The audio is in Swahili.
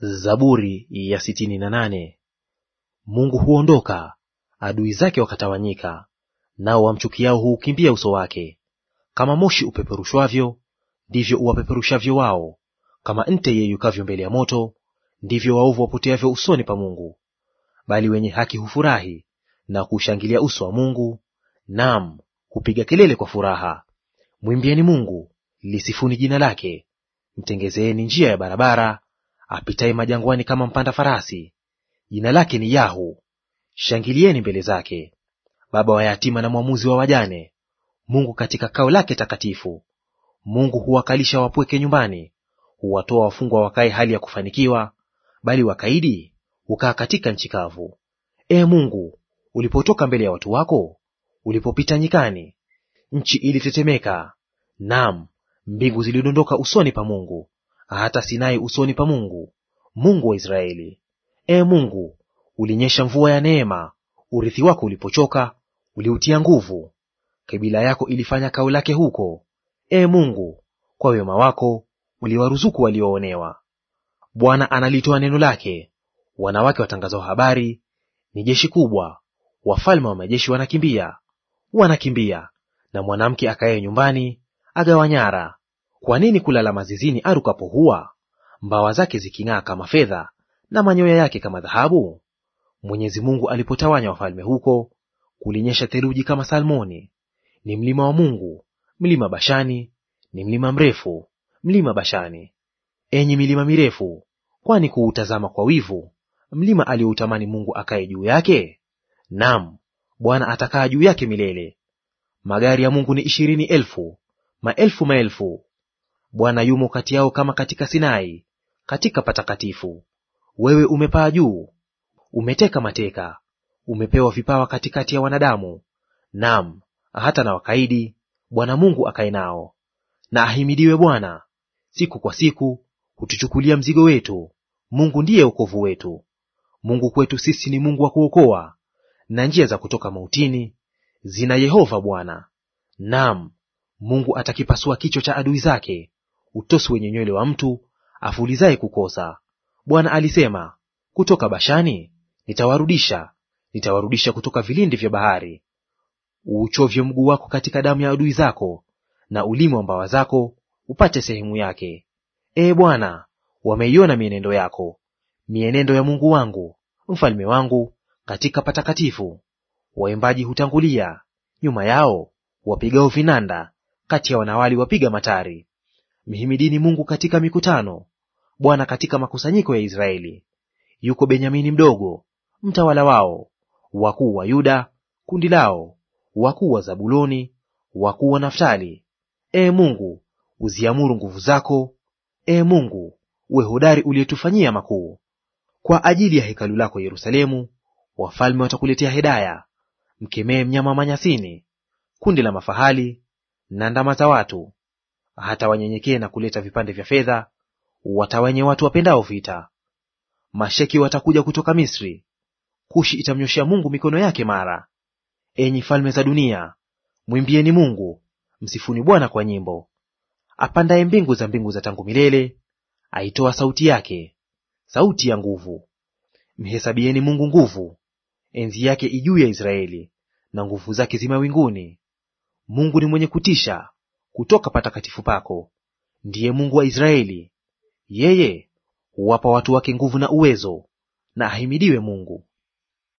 Zaburi ya sitini na nane. Mungu huondoka, adui zake wakatawanyika, nao wamchukiao huukimbia uso wake. Kama moshi upeperushwavyo, ndivyo uwapeperushavyo wao; kama nte yeyukavyo mbele ya moto, ndivyo waovu wapoteavyo usoni pa Mungu. Bali wenye haki hufurahi na kuushangilia uso wa Mungu, nam hupiga kelele kwa furaha. Mwimbieni Mungu, lisifuni jina lake, mtengezeeni njia ya barabara apitaye majangwani kama mpanda farasi, jina lake ni Yahu. Shangilieni mbele zake, baba wa yatima na mwamuzi wa wajane, Mungu katika kao lake takatifu. Mungu huwakalisha wapweke nyumbani, huwatoa wafungwa wakae hali ya kufanikiwa, bali wakaidi hukaa katika nchi kavu. Ee Mungu, ulipotoka mbele ya watu wako, ulipopita nyikani, nchi ilitetemeka; nam mbingu zilidondoka usoni pa Mungu hata Sinai usoni pa Mungu, Mungu wa Israeli. E Mungu, ulinyesha mvua ya neema, urithi wako ulipochoka uliutia nguvu. Kabila yako ilifanya kao lake huko. e Mungu, kwa wema wako uliwaruzuku walioonewa. Bwana analitoa neno lake, wanawake watangazao habari ni jeshi kubwa, wafalme wa majeshi wanakimbia, wanakimbia; na mwanamke akaye nyumbani agawa nyara kwa nini kulala mazizini arukapo hua, mbawa zake ziking'aa kama fedha na manyoya yake kama dhahabu? Mwenyezi Mungu alipotawanya wafalme huko, kulinyesha theluji kama Salmoni. Ni mlima wa Mungu, mlima Bashani, ni mlima mrefu, mlima Bashani. Enyi milima mirefu, kwani kuutazama kwa wivu mlima aliyoutamani Mungu akaye juu yake? Naam, Bwana atakaa juu yake milele. Magari ya Mungu ni ishirini elfu, maelfu maelfu Bwana yumo kati yao kama katika Sinai, katika patakatifu. Wewe umepaa juu, umeteka mateka, umepewa vipawa katikati ya wanadamu, naam, hata na wakaidi, Bwana Mungu akae nao. Na ahimidiwe Bwana! Siku kwa siku hutuchukulia mzigo wetu. Mungu ndiye wokovu wetu. Mungu kwetu sisi ni Mungu wa kuokoa, na njia za kutoka mautini zina Yehova Bwana. Naam, Mungu atakipasua kichwa cha adui zake, utosi wenye nywele wa mtu afulizaye kukosa. Bwana alisema, kutoka Bashani nitawarudisha, nitawarudisha kutoka vilindi vya bahari. Uuchovye mguu wako katika damu ya adui zako, na ulimi wa mbawa zako upate sehemu yake. Ee Bwana, wameiona mienendo yako, mienendo ya Mungu wangu, mfalme wangu, katika patakatifu. Waimbaji hutangulia nyuma yao wapigao vinanda, kati ya wanawali wapiga matari. Mhimidini Mungu katika mikutano, Bwana katika makusanyiko ya Israeli. Yuko Benyamini mdogo, mtawala wao, wakuu wa Yuda kundi lao, wakuu wa Zabuloni, wakuu wa Naftali. e Mungu, uziamuru nguvu zako. e Mungu, uwe hodari uliyetufanyia makuu. Kwa ajili ya hekalu lako Yerusalemu, wafalme watakuletea hedaya. Mkemee mnyama manyasini, kundi la mafahali na ndama za watu hata wanyenyekee na kuleta vipande vya fedha, watawanye watu wapendao vita. Masheki watakuja kutoka Misri, Kushi itamnyoshea Mungu mikono yake mara. Enyi falme za dunia, mwimbieni Mungu, msifuni Bwana kwa nyimbo. Apandaye mbingu za mbingu za tangu milele, aitoa sauti yake, sauti ya nguvu. Mhesabieni Mungu nguvu, enzi yake ijuu ya Israeli, na nguvu zake zimawinguni Mungu ni mwenye kutisha, kutoka patakatifu pako. Ndiye Mungu wa Israeli; yeye huwapa watu wake nguvu na uwezo. Na ahimidiwe Mungu.